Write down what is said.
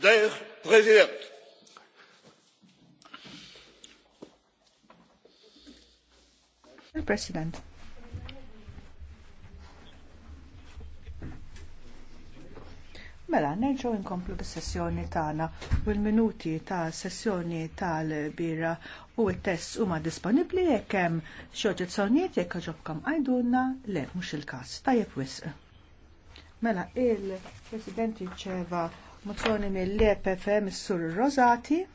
Dear President, President. Mela, nerġgħu nkomplu bis-sessjoni tagħna u l-minuti ta' sessjoni tal-bira u t-test huma disponibbli jekk hemm xi oġġezzjonijiet jekk ġobkom għajdulna le mhux il-każ. Tajjeb wisq. Mela, il-President jiċċeva mozzjoni mill-EPF Missur Rosati.